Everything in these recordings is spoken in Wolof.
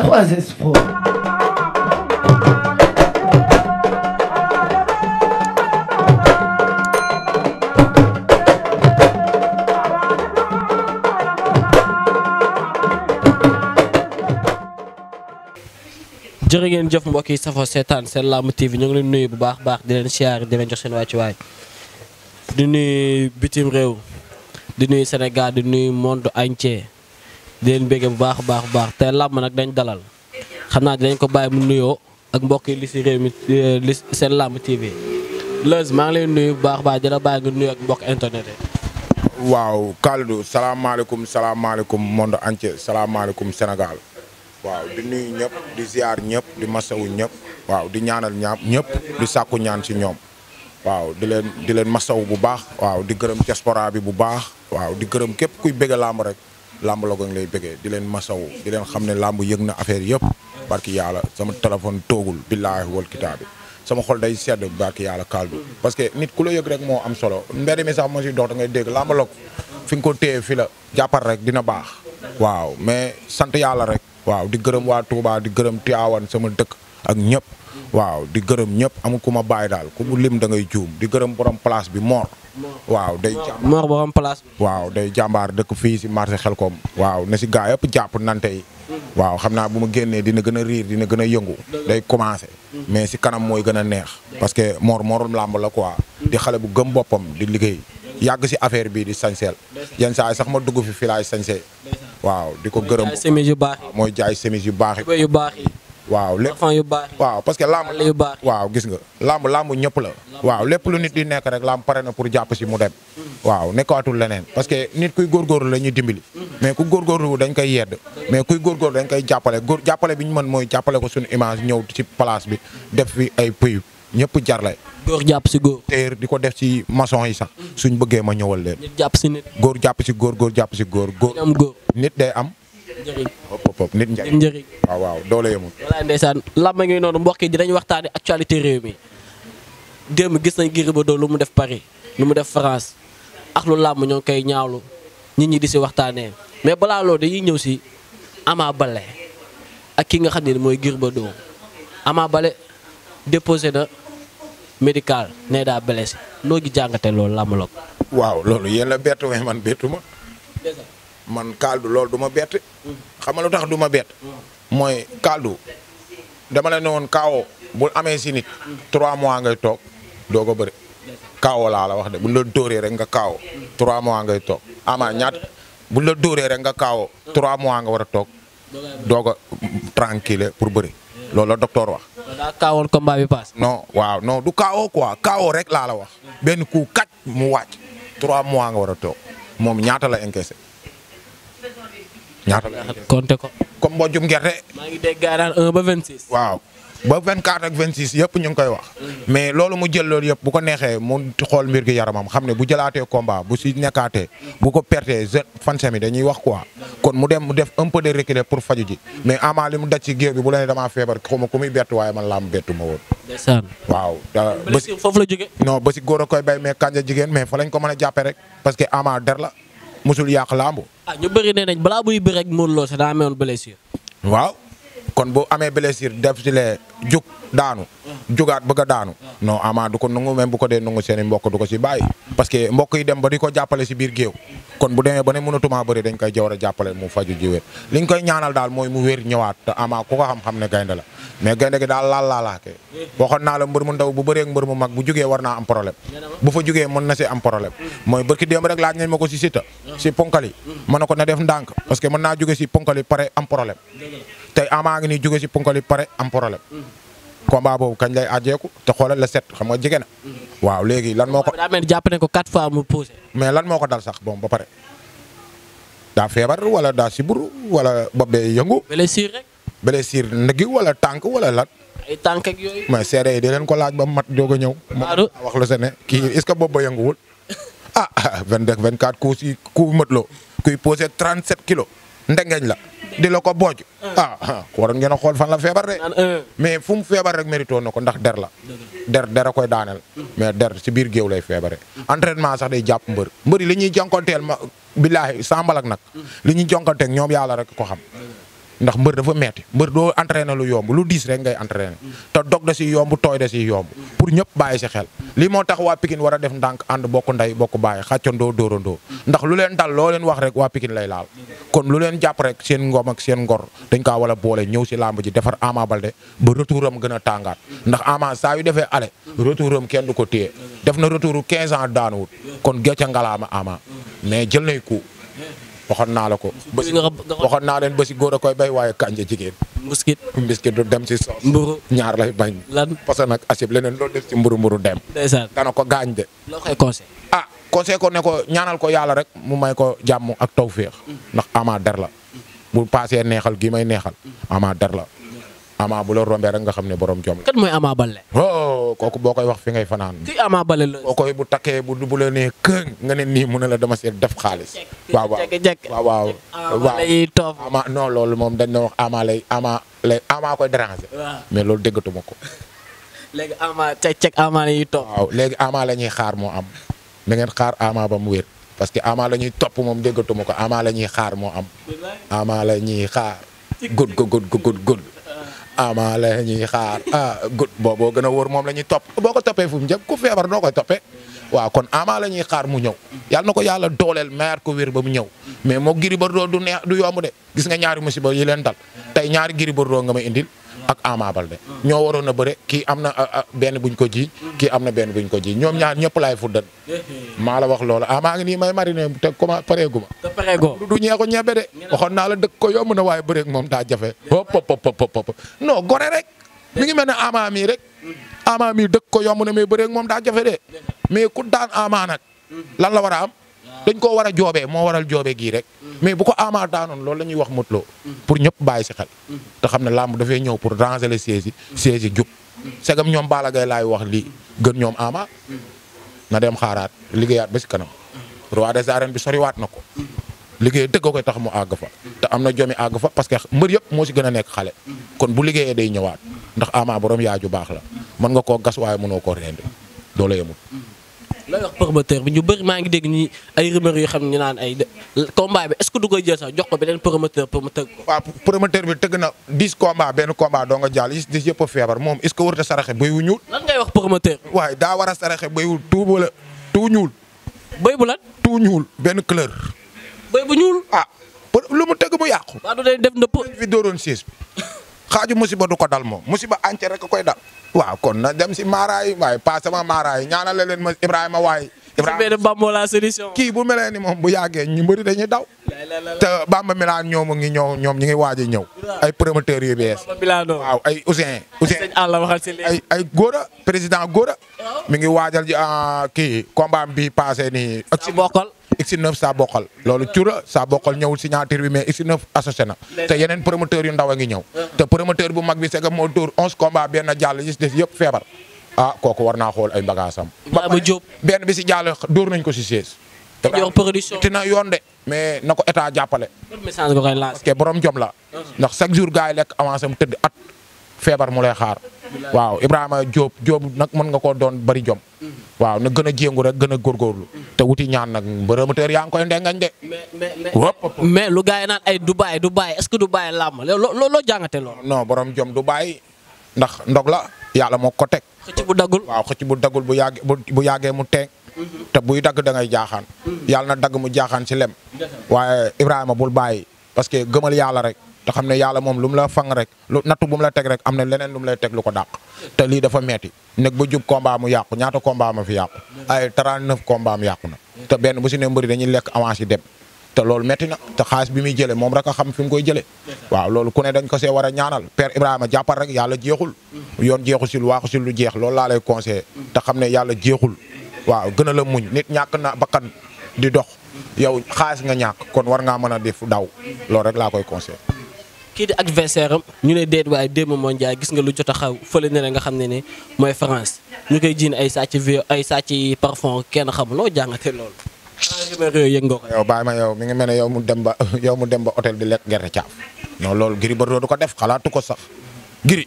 3 jëf mbokk yi safo seetaan seen làmb TV ñu ngi leen nuyu bu baax baax di leen siyaar di leen jox seen wàccuwaay di nuyu bitim réew di nuyu senegal di nuyu monde entier di leen béggee bu baax a baax baax te làmb nag dañ dalal xam naa dinañ ko bàyyi mu nuyoo ak mbokk yi li si réew mi euh, li seen làmb TV Leuz maa ngi leen nuyu bu baax a baax dina bàyyi nga nuyu ak mbokk internet yi. waaw Kalidou salaamaaleykum salaamaaleykum monde entier salaamaaleykum Sénégal waaw di nuyu ñëpp di ziar ñëpp di masawu ñëpp waaw di ñaanal ñaam ñëpp di sàkku ñaan si ñoom. waaw di leen di leen masaw bu baax waaw di gërëm diaspora bi bu baax waaw di gërëm képp kuy bëgg làmb rek làmb la ko lay bëggee di leen masawu di leen xam ne làmb yëg na affaire yëpp barki yàlla sama téléphone toogul billaahi wal kitaabi sama xol day sedd barki yàlla kaldu parce que nit ku la yëg rek moo am solo mbedd mi sax moo si dox da ngay dégg làmb fi nga ko téye fi la jàppal rek dina baax waaw mais sant yàlla rek waaw di gërëm waa Touba di gërëm Tiawan sama dëkk ak ñëpp waaw di gërëm ñëpp amul ku ma bàyyi daal ku mu lim da ngay juum di gërëm borom place bi moor waaw day jàmbaar place waaw day jàmbaar dëkk fii si marché koom waaw na si gaa yëpp jàpp nante yi hmm. waaw xam naa bu ma génnee dina gën a riir dina gën a yëngu day commencé hmm. mais si kanam mooy gën a neex parce que moor moorum làmb la quoi hmm. di xale bu gëm boppam di liggéey yàgg si affaire bii di sañseel yenn saa sax ma dugg fi filaay sañse waaw di ko gërëm mooy jaay semis yu baax yi waaw lépp waaw parce que làmb waaw gis nga làmb làmb ñëpp la waaw lépp lu nit di nekk rek làmb pare na pour jàpp si mu dem mm. waaw nekkaatul leneen parce que nit kuy góorgóorlu la ñuy dimbili mm. mais ku góorgóorlu dañ koy yedd mais kuy góorgóorlu dañ koy jàppale góor jàppale bi ñu mën mooy jàppale ko suñu image ñëw ci place bi def fi ay pëyu ñëpp jarle góor jàpp si góor téer di ko def si maçon yi sax mm. suñ bëggee ma ñëwal leen góor jàpp ci góor góor jàpp si góor góor nit day am njëriñ hop nit njëriñ waaw ah, waaw doole yemul walaay ndeysaan làmb ngi noonu mbokk yi dinañ waxtaane actualité réew mi démb gis nañ Gris Bordeaux lu mu def Paris lu mu def France ak lu làmb ñoo koy ñaawlu nit ñi di si waxtaanee mais balaa loolu dañuy ñëw si Ama bale ak ki nga xam ne mooy Gris Bordeaux Ama bale déposé na médical ne daa blessé noo gi jàngate loolu làmb la waaw loolu yéen la bettu man bettu man kaldu loolu du ma bett. xam nga lu tax du ma bett. mooy kaldu dama la ne woon kaawoo bul amee si nit. trois mois ngay toog doo ko bëri. kaawoo laa la wax de buñ la dóoree rek nga kaawoo. trois mois ngay toog ama ñaat buñ la dóoree rek nga kaawoo. trois mois nga war a toog doog a tranquille pour bëri. loolu la docteur wax. daa kaawoon combat bi paas. non waaw non du kaawoo quoi kaawoo rek laa la wax. benn coup kat mu wàcc. trois mois nga war a toog moom ñaata la encaissé. ñaata compté ko. comme mbojum gerte. maa ngi dégg gaaraan ba 26. waaw ak 26 yëpp ñu ngi koy wax. Mm. mais loolu mu jël lool yëpp bu ko neexee mu xool mbir gi yaramam xam ne bu jëlaatee combat bu si nekkaatee. bu ko pertee je fansam yi dañuy wax quoi. kon mu dem mu def un peu de reculer pour faju ji. mais Ama li mu daj ci géew bi bu la ne feebar xaw ma ku muy waaye man laa mu woon. waaw. ba si la jógee. non ba si koy bay mais kanja jigéen mais fa lañ ko mën a rek mosul yàq làmb. ah ñu bëri nee nañ balaa muy bëreeg Modou Lo sax daa amoon blessure. waaw kon bu amee blessure def ci les jug daanu jugaat bëgg a daanu non Ama du ko nangu bu ko dee nangu seeni mbokk du si bàyyi parce que mbokk dem ba di jàppale si biir géew kon bu demee ba ne mënatumaa bëri dañ koy jawar a jàppale mu faju ji wér koy ñaanal daal mooy mu wér ñëwaat te ko xam-xam ne gaynde mais gaynde gi daal laal laalaake waxoon naa la mbër mu ndaw bu bëree ak mu mag bu jugee war am problème bu fa jugee mën na see am problème mooy bërki démb combat boobu kañ lay àjjeeku te xoolal la set xam nga jege na. waaw léegi lan moo ko. daa mel jàpp ne ko quatre fois mu mais lan moo ko dal sax bon ba pare daa feebar wala daa siburu wala bopp day yëngu. blessure rek. blessure ndëgg wala tànk wala lan. tànk ak yooyu. mais seede yi di ko laaj ba mat doog a ñëw. wax la sa ne kii est-ce que bopp ba yënguwul ah vingt 24 ku si ku mat loo kuy posé 37 kilos. ndengeñ la di la ko booj ah. Ah, ah waroon ngeen a xool fan la feebar de eh. mais fu mu feebar rek mérito na ko ndax der la der der a koy daaneel mais der si biir géew lay feebare entraînement sax day jàpp mbër mbëri li ñuy jonkonteel ma billaahi sambalak nag li ñuy jonkonteel ñoom yàlla rek ko xam ndax mbër dafa metti mbër doo entraîné lu yomb lu diis rek ngay entraîné te dog da si yomb tooy da si yomb pour ñëpp bàyyi si xel lii moo tax waa Pikine war a def ndànk ànd bokk ndey bokk bàyyi xàccandoo dóorandoo ndax lu leen dal loo leen wax rek waa Pikine lay laal kon lu leen jàpp rek seen ngom ak seen ngor dañ kaa wala boole ñëw si làmb ji defar Ama Baldé ba retour am gën a tàngaat ndax Ama saa yu defee ale retour am kenn du ko téye def na retour quinze ans daanuwut kon gecca ngalaama Ama mais jël nay ko waxoon naa la ko. waxoon naa leen ba si koy bay waaye kànja jigéen. mbiskit mbiskit du dem si soos. mburu ñaar lay bañ. lan parce que nag asib leneen lool def si mburu mburu dem. ndeysaan dana ko gaañ de. loo koy conseil. ah ko ne ko ñaanal ko yàlla rek mu may ko jàmm ak taw tawféex. Mm. ndax ama der la. Mm. bu paasee neexal gi may neexal. Mm. ama der la. Ama bu la rombee nga xam ne borom jom la. kat mooy Ama Baldé. oh kooku boo koy wax fi ngay fanaan. kii Ama Baldé la. boo bu takkee bu bu la nee këng nga ne nii mu a la dama seet def xaalis. waaw waaw waaw waaw. Ama lay toog Ama non loolu moom dañ mais loolu déggatuma ko. léegi Ama cek cek Ama la ñuy la ñuy xaar moo am. na ngeen xaar Ama ba mu wér. parce que Ama la ñuy topp moom déggatuma ko Ama la xaar moo am. Ama ama la ñuy xaar ah gut booboo gën a wóor moom la ñuy topp boo ko toppee fu mu jëm ku feebar noo koy toppee waaw kon ama la ñuy xaar mu ñëw yàlla na ko yàlla dooleel mayaat ko wér ba mu ñëw mais moo Gris Bordeaux du du yomb de gis nga ñaari musiba yi leen dal tey ñaari Gris Bordeaux nga may indil ak Ama Baldé ñoo waroon a bëre kii am na ah, ah, benn buñ ko ji kii am na benn buñ ko ji ñoom ñaar ñëpp laay fuddan maa la wax loolu ah maa ngi nii may mariné te comment pareegu ma du ñee ko ñebe de waxoon naa la dëkk ko yomb na waaye bëreeg moom daa jafe hop hop hop hop non gore rek mi ngi mel ne mii rek Ama mii dëkk ko yomb na mais bëreeg moom daa jafe de mais ku daan Ama nag lan la war a am dañ koo war a joobee moo waral joobe gii rek mais bu ko Ama daanoon loolu la ñuy wax Modou Lo pour ñëpp bàyyi si xel te xam ne làmb dafay ñëw pour ranger les sièges yi sièges jub segam ñoom bala Gaye laay wax lii gën ñoom Ama na dem xaaraat liggéeyaat ba si kanam roi des arènes bi soriwaat na ko liggéey dëgg koy tax mu àgg fa te am na jomi àgg fa parce que mbër yëpp moo si gën a nekk xale kon bu liggéeyee day ñëwaat ndax Ama borom yaaju baax la mën nga koo gas waaye mënoo ko rendi doo la yemul looy wax promoteur bi ñu bëri maa ngi dégg ñi ay rumeur yoo xam ne ñu naan ay combat bi est-ce jël sax jox ko beneen promoteur pour mu tëgg ko. waaw promoteur bi tëgg na 10 combat benn combat doo nga jàll is 10 yëpp a feebar moom est-ce que a saraxe bëy wu ñuul. lan ngay wax promoteur. waaye daa war a saraxe bëy wu tout wala tout ñuul. bëy bu lan. tout ñuul benn couleur. bëy bu ñuul. ah lu mu tëgg mu yàqu. na po. bi dooroon xaaju musiba du ko dal moom musiba ance rek koy dal waaw kon na dem si maaraay waaye pas sama maaraay ñaanale leen ma Ibrahima waay. Ibrahima Bamba la solution. kii bu melee ni moom bu yàggee ñu bëri dañuy daw. te Bamba Milan ñoom ngi ñëw ñoom ñu ngi waaj a ñëw. ay promoteurs yu bees. waaw ay Ousseyn. Ousseyn ay ay Gora président Gora. Oh. mi ngi waajal ji ah, kii combat bi passé nii. ak si X9 saa bokkal loolu cura saa bokkal ñëwul signature bi mais X9 associé na te yeneen promoteur yu ndaw a ngi ñëw uh-huh. te promoteur bu mag bi c'est moo dóor onze combat benn jàll gis feebar ah kooku war xool ay bagaasam benn bi si jàll dóor ko si siège tina yoon de mais na ko état jàppale parce que borom jom la uh-huh. ndax chaque jour gars yi avancé mu tëdd at feebar mu lay xaar waaw Ibrahima Diop Diop nag mën nga koo doon bari jom waaw na gën a jéngu rek gën a góorgóorlu te wuti ñaan nag mbërëmateur yaa ngi koy ndengañ de mais lu gars yi naan ay Dubaay Dubaay est-ce que Dubaay làmm loo loo jàngate loolu non borom jom Dubaay ndax ndog la yàlla moo ko teg xëcc bu daggul waaw xëcc bu daggul bu yàggee bu yàggee mu teeg te buy dagg da ngay jaaxaan yàlla na dagg mu jaaxaan si lem waaye Ibrahima bul bàyyi parce que gëmal yàlla rek te xam ne yàlla moom lu mu la fang rek lu nattu bu mu la teg rek am na leneen lu mu lay teg lu ko dàq te lii dafa metti nekk ba jub combat u yàqu ñaata combat ma fi yàqu ay 39 combat mu yàqu na te benn bu si ne mbëri dañuy lekk avance dem te loolu métti na te xaalis bi muy jëlee moom rek a xam fi mu koy jëlee waaw loolu ku ne dañ ko see war a per père a jàppal rek yàlla jeexul yoon jeexu si lu waaxu si lu jeex lool laa lay conseillé te xam ne yàlla jeexul waaw gën a la muñ nit ñàkk na bakkan di dox yow xaalis nga ñàkk kon war ngaa mën a def daw loolu rek laa koy conseillé kii di adversaire am ñu ne déet waaye démb mondial gis nga lu jot a xaw fële ne nga xam ne ne mooy France ñu koy jiin ay sàcc vi ay sàcc parfon kenn xamu loo jàngate loolu. yow bàyyi ma yow mi ngi mel ne yow mu dem ba yow mu dem ba hôtel di lekk gerte caaf. non loolu Gris Bordeaux du ko def xalaatu ko sax Gris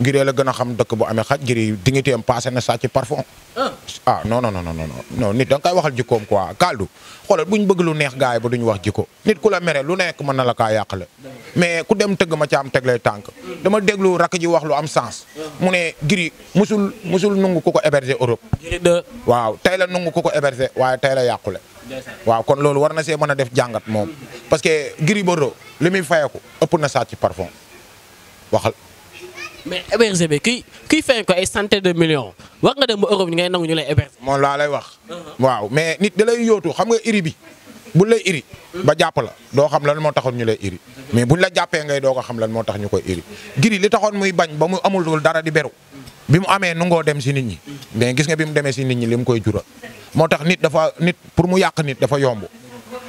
ngiree la gën a xam dëkk bu amee xaj ngiri dignité am passé na sàcc parfum ah. ah non non no non nit da nga koy waxal jikkoom quoi kaldu xoolal bu bëgg lu neex gaay ba du wax jikko nit ku la mere lu nekk mën na la kaa yàqale mais ku dem tëgg ma ca am teg lay tànk dama déglu rakk ji wax lu am sens mu ne giri musul musul nungu ko ko héberger Europe waaw tey la nungu ko ko héberger waaye tey la yàqule waaw kon loolu war na see mën a def jàngat moom parce que Gris Bordeaux li muy fayeku ëpp na sàcc parfum waxal mais héberger bi kii kii fay ko ay centaine de millions war nga dem ba Europe ñu ngay nangu ñu lay héberger. moom laa lay wax. Uh-huh. waaw mais nit da lay yootu xam nga iri bi bu lay iri. ba jàpp la doo xam lan moo taxoon ñu lay iri. Uh-huh. mais buñ la jàppee doo ko xam lan moo tax ñu koy iri. giri li taxoon muy bañ ba mu amul dul dara di beru. bi mu amee nungoo dem si nit ñi. mais gis nga bi mu demee si nit ñi li mu koy jura. moo tax nit dafa nit pour mu yàq nit dafa yombu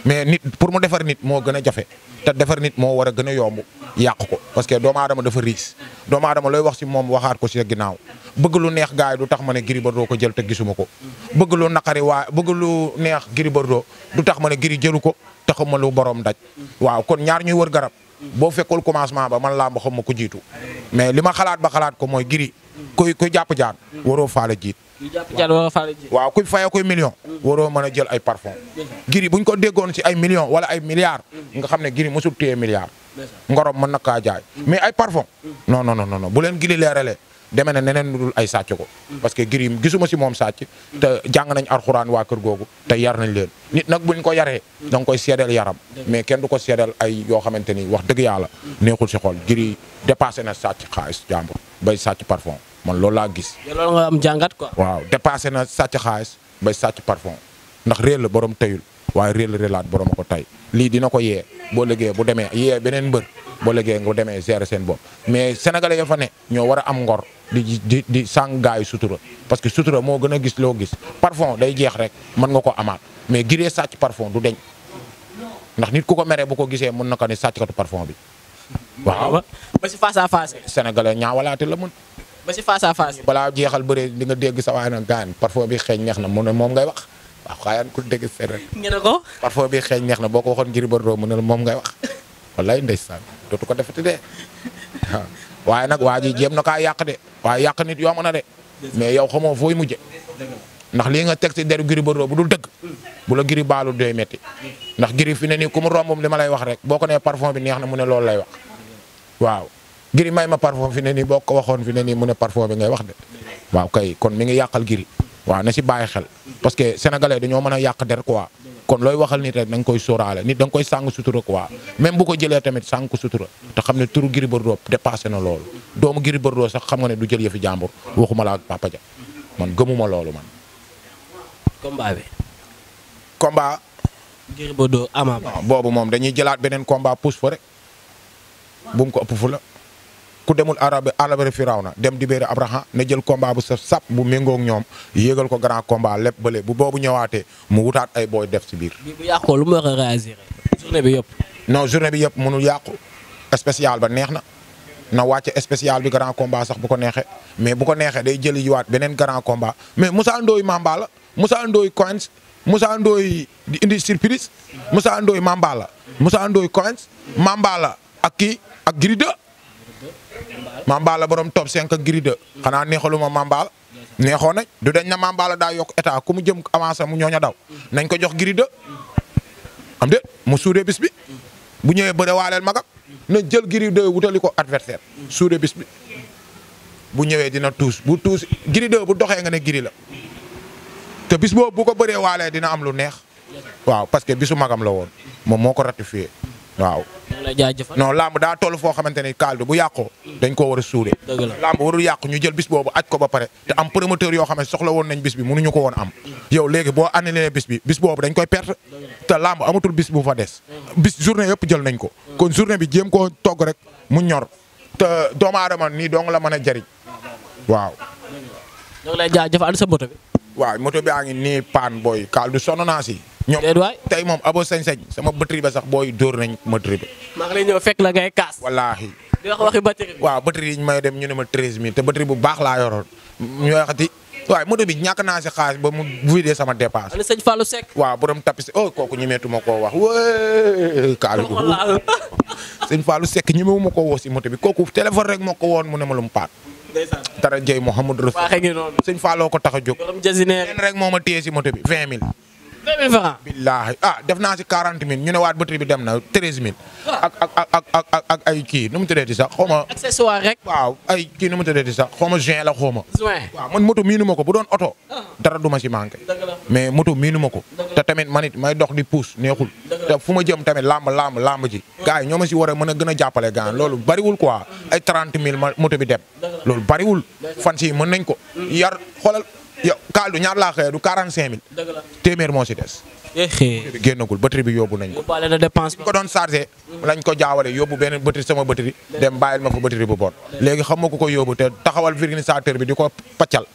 mais nit pour mu defar nit moo gën a jafe te defar nit moo war a gën a yomb yàq ko parce que doomu aadama dafa riis doomu aadama looy wax si moom waxaat ko ci ginnaaw bëgg lu neex gars yi du tax ma ne Gris Bordeaux ko jël te gisuma ko. bëgg naqari waa bëgg neex Gris Bordeaux du tax ma ne Gris jëlu ko te xamuma lu borom daj waaw kon ñaar ñuy war garab. boo fekkul commencement ba man ba xam ma ko jiitu mais li ma xalaat ba xalaat ko mooy Gris. kuy kuy jàpp jaan waroo faale jiit. waaw kuy fayee koy million waroo mën a jël ay parfum giri buñ ko déggoon ci ay million wala ay milliards mm. nga xam ne giri mosul téye milliards ngorom mën na kaa jaay mm. mais ay parfum mm. non non non non bu leen giri leerale deme na neneen lu dul ay sàcc ko parce que giri gisuma si moom sàcc te jàng nañ alxuraan waa kër googu te yar nañ leen nit nag buñ ko yaree da koy seedeel yaram mais kenn du ko seedeel ay yoo xamante ni wax dëgg yàlla neexul si xol giri dépassé na sàcc xaalis jàmbur bay sàcc parfum man loolu laa gis. loolu nga am jàngat quoi. waaw dépassé na sàcc xaalis bay sàcc parfum ndax réel la borom teyul waaye réel réelaat borom a ko tey lii dina ko yee boo liggéey bu demee yee beneen mbër boo liggéey nga demee gérer seen bopp mais sénégalais ya fa ne ñoo war a am ngor di di di sàng gaay sutura parce que sutura moo gën a gis loo gis parfum day jeex rek mën nga ko amaat mais giree sàcc parfum du deñ ndax nit ku ko meree bu ko gisee mun na ko ne sàcckatu parfum bi. waaw ba si face à face. balaa jeexal bëre di nga dégg sa na gaan parfois bi xeeñ neex na moom ngay wax waaw xaayaan ku dégg séeréer. ngeen a ko. na boo ko waxoon ngir bëroo mu ne la moom ngay wax wallaay ndeysaan dootu ko defati de waaw waaye nag waa ji jéem na kaa yàq de waaye yàq nit yomb na de mais yow xamoo fooy mujje ndax lii nga teg ci deru Gris Bordeaux bu dul dëgg bu la Gris baalu doy metti ndax Gris fi ne nii ku mu rombum li ma lay wax rek boo ko nee parfum bi neex na mu ne loolu lay wax waaw giri may ma parfum fi ne nii boo ko waxoon fi ne nii mu ne parfum bi ngay wax de waaw kay kon mi ngi yàqal giri waaw na si bàyyi xel parce que sénégalais dañoo mën a yàq der quoi kon looy waxal nit rek da koy sóoraale nit da koy sàng sutura quoi même bu ko jëlee tamit sàng ko sutura te xam ne turu Gris Bordeaux dépassé na loolu doomu Gris Bordeaux sax xam nga ne du jël yëfi jàmbur waxuma la Papa Dia man gëmuma loolu man. boobu moom dañuy jëlaat beneen combat pousse fa ku demul arab arab firaw dem dibéeri abraha na jël combat bu saf sap bu méngoog ñoom yéegal ko grand combat lépp bële bu boobu ñëwaatee mu wutaat ay booy def si biir. bu yàqoo lu mu war journée bi yëpp. non journée bi yëpp mënul yàqu spécial ba neex na na wàcce spécial bi grand combat sax bu ko neexee mais bu ko neexee day jëli jiwaat beneen grand combat mais Moussa Ndoye Mamba la Moussa Ndoye Coins Moussa Ndoye di indi surprise Moussa Ndoye Mamba la Moussa Ndoye Coins Mamba la ak Mambaala borom top 5 ak Gris 2 xanaa neexaluma Mambaala neexoon nañ du dañ na Mambaala daa yokk état ku jëm avancé mu ñooña daw nañ ko jox Gris 2 am de mu suuree bis bu ñëwee bëre waaleel magam na jël Gris 2 wutali adversaire suuree bis bi bu ñëwee dina tuus bu tuus Gris 2 bu doxee nga ne Gris la te bis boobu bu ko bëree waalee dina am lu neex waaw parce que bisu magam la woon moom moo ko ratifié waaw. non lamb daa toll foo xamante ne kaldu bu yàqoo dañ ko war a suude lamb warul yàqu ñu jël bis boobu aj ko ba pare te am promoteur yoo xam ne soxla woon nañ bis bi mënuñu ko woon am yow léegi boo annulé bis bi bis boobu dañ koy perte te lamb amatul bis bu fa des bis journée yëpp jël nañ ko kon journée bi jëm koo togg rek mu ñor te doomu aadama nii dong la mën a jariñ waaw ñoo ngi lay sa moto bi waaw moto bi a ngi nii paan booy kaldu sonn naa si ñoom tey moom abo sañ-sañ sama batterie ba sax booy dóor nañ ma trippé. maa ngi lay ñëw fekk la ngay kaas. wallaahi. di wax waxi batterie bi. waaw batterie yi may dem ñu ne ma treize mille te batterie bu baax laa yoroon ñu waxati waaye moto bi ñàkk naa si xaalis ba mu vidé sama dépense. ana sëñ Fallou Seck. waaw borom tapis oh, kooku ñemeetu ma koo wax wéé. kaalu sëñ Fallou Seck ñemewu ma ko woo si moto bi kooku téléphone rek moo ko woon mu ne ma lu mu paat. dara jëy Mouhamadou Rasul. waaxe ngi noonu sëñ Fallou ko tax a jóg. borom jasinaire rek moo ma téye si moto bi vingt mille. 2000 francs billaahi ah def naa si 40 mille ñu ne waat batterie bi dem na 13 mille. Ah. ak ak ak ak ak ay kii nu mu tëddee di sax xaw ma. accessoire rek. waaw ay kii nu mu tëddee di sax xaw ma juin la xaw ma. juin waaw man moto miinu ma ko bu doon oto. Ah. dara du ma si manqué. mais moto miinu ma ko. te tamit man it may dox di puus neexul. te fu ma jëm tamit làmb làmb làmb ji. Ah. gars yi ñoo ma si war a mën a gën a jàppale gars loolu bariwul quoi ay 30 mille moto bi dem. loolu bariwul fan si mën nañ ko hmm. yar xoolal kaal du ñaar laa xëyee du 45000. dëgg la téeméer moo si des. xëy génnagul batterie bi yóbbu nañ ko. bi ko doon chargé. lañ ko jaawale yóbbu benn batterie sama batterie. dem bàyyil ma fa batterie bu bon. léegi xam ma ku ko yóbbu te taxawal vulcanisateur bi di ko paccal.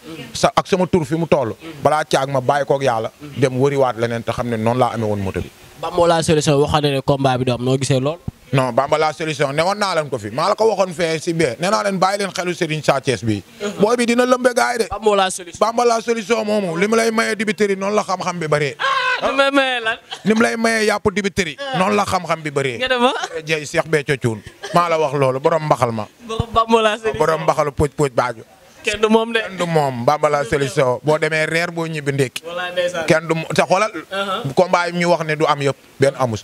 ak sama tur fi mu toll. balaa caag ma bàyyi koog yàlla. dem wëriwaat leneen te xam ne noonu laa amee woon moto bi. Bambo laa solution waxoon na ne combat bi du noo gisee lool. non Bamba la solution ne woon naa leen ko fi maa la ko waxoon fee si bee nee naa leen bàyyi leen xelu Serigne Sa Thiès bi booy bi dina lëmbe gaay de. Bamba la solution moomu li mu lay maye dibiteri noonu la xam-xam bi bëree. ni ah, mu maye lan. ni mu noonu la xam-xam bi bëree. nga def jey Cheikh maa la wax loolu borom mbaxal ma. borom Bamba la solution borom mbaxalu poj poj baaju. kenn du moom de kenn du moom Bamba la solution demee reer boo ñibbi ndékki. kenn du te xoolal. Uh-huh. combat yi ñu wax ne du am yëpp benn amu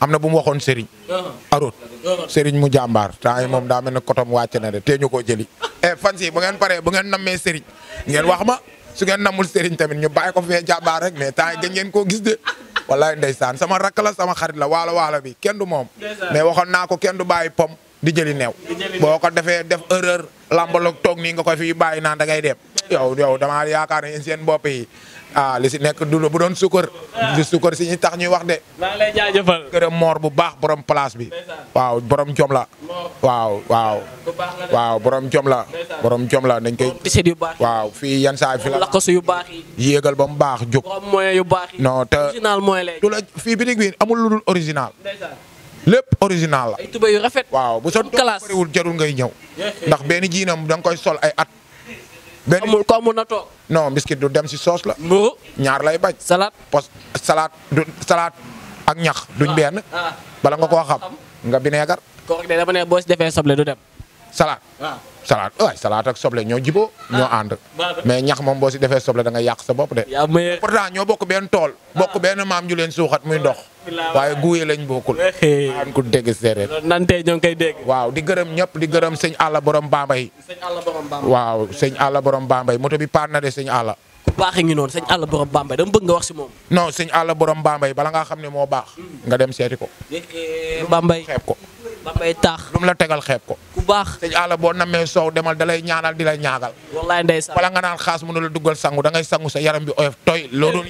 am na bu mu waxoon Serigne. Uh-huh. Aroot uh-huh. Serigne mu jàmbaar temps moom daa mel ne kotom wàcc na de tee ñu koo jëli. eh fan bu ngeen paree bu ngeen nammee Serigne ngeen wax ma su ngeen namul Serigne tamit ñu bàyyi ko fee jàmbaar rek mais temps yi gën ngeen koo gis de. wallaay ndeysaan sama rakk la sama xarit la waalo waalo bi kenn du moom. mais waxoon naa ko kenn du bàyyi pom di jëli neew. lambaloog toog nii nga ko fi bàyyi naan da ngay dem yow yow damaa yaakaar ne seen bopp yi ah li si nekk du bu doon sukkar du sukkar si ñi tax ñuy wax de. maa moor bu baax borom place bi. waaw borom jom la. waaw waaw. waaw borom jom la. borom jom la dañ waaw fii yan saa fi la. lakkos yu baax yi. yéegal mu baax jóg. borom yu baax yi. non te original mooy lay. fii amul lu dul original. lépp original la. ay tubé yu rafet. waaw bu sa doom bariwul jarul ngay ñëw. ndax jiinam da nga koy sol ay at. benn amul ko mun na toog. no biscuit du dem si soos la. mburu ñaar lay bañ. salaat pos du salade ak ñax duñ ah, benn. Ah. bala nga koo ah, xam nga bineegar. kooku de boo si defee soble du dem. salade waaw salade ak soble ñoo jiboo ñoo ànd. mais ñax moom boo si defee soble da nga yàq sa bopp de. pourtant ñoo bokk benn tool. bokk benn maam ñu leen suuxat muy dox waaye guye lañ bokkul. aan ko dégg séeréer. nan ñoo ngi dégg. waaw di gërëm ñëpp di gërëm sëñ àlla borom Bambey. sëñ àlla waaw sëñ àlla borom Bambey moto bi paan na de sëñ àlla. ku baax a ngi noonu sëñ àlla borom Bambey dama bëgg nga wax si moom. non sëñ àlla borom Bambey bala ngaa xam ne moo baax. nga dem seeti ko. Eh, Bambey xeeb ko. ba bay taax lu mu la tegal xeeb ko ku baax sëñ àlla boo soow demal da lay ñaanal di lay ñaagal wallaay ndeysaan wala nga naan xaas mënu la duggal sangu da ngay sangu sa yaram bi oyof tooy loolu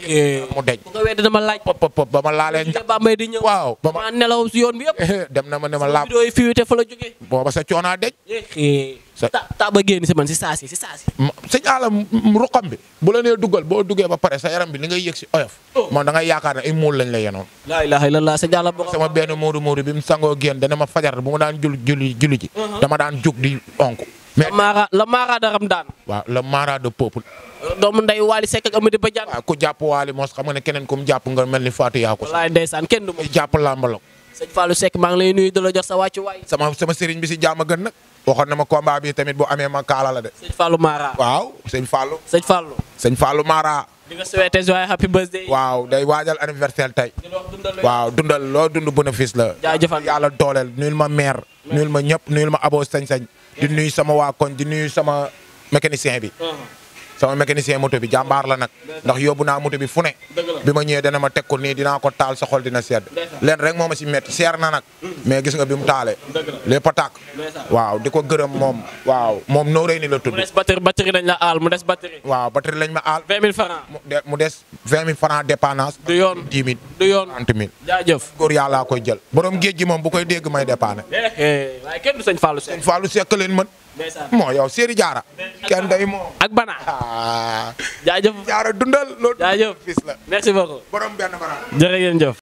mu deñ nga wedd dama laaj pop pop ba ma laalee ba may di ñëw waaw ba ma nelaw si yoon bi yëpp dem na ma ne ma laab booba sa coonaa deñ ta taa ba génn si man si saa si si saa si. sëñ alam ruqam bi bu la nee duggal boo duggee ba pare sa yaram bi li ngay yëg si oyof. Oh. moom da ngay yaakaar ne ay muul lañ la yenoon. laa ilaaha illallaah sëñ alam sama benn moodu moodu bi mu sangoo génn dana ma fajar bu mu daan jul juli juli ji. Uh-huh. dama daan jóg di onk. mais la mara la mara de la mara de doomu ndey Waly Seck ak Amady Badiane. waaw ku jàpp Waly mos xam nga ne keneen ku jàpp nga mel ni Fatou yaa sama sëriñ bi si jaama gën nag waxoon na ma combat bi tamit boo amee ma kaala la de. sëñ Fallou Mara. waaw sëñ Fallou. sëñ Fallou. sëñ Fallou Mara. happy birthday. day waajal anniversaire tey. waaw dundal loo dund bénéfice la. jaajëfal yàlla dooleel nuyul ma maire. nuyul ma ñëpp nuyul ma abo sañ-sañ. di nuyu sama waa di nuyu sama mécanicien bi. Uh-huh. sama mécanicien moto bi jàmbaar la nag ndax yóbbu naa moto bi fu ne bi ma ñëwee dana ma teg ko nii dinaa ko taal sa xol dina sedd leen rek moo ma si métti na mais gis nga bi mu taalee lépp a tàkk waaw di ko gërëm moom waaw moom noo rëy ni la tudd mu des batterie batterie lañ la aal mu des batterie waaw batterie lañ ma aal vingt mille francs mu des vingt mille francs dépannage du yoon dix mille du yoon trente mille jaajëf góor yàllaa koy jël borom géej gi moom bu koy dégg may dépanné eh, eh, waaye kenn du sëñ leen mën moo yow Seri Diarra. kenn day moo. ak Bana. Ah. jaajëf Diarra dundal loolu. jaajëf merci beaucoup. borom benn Bana.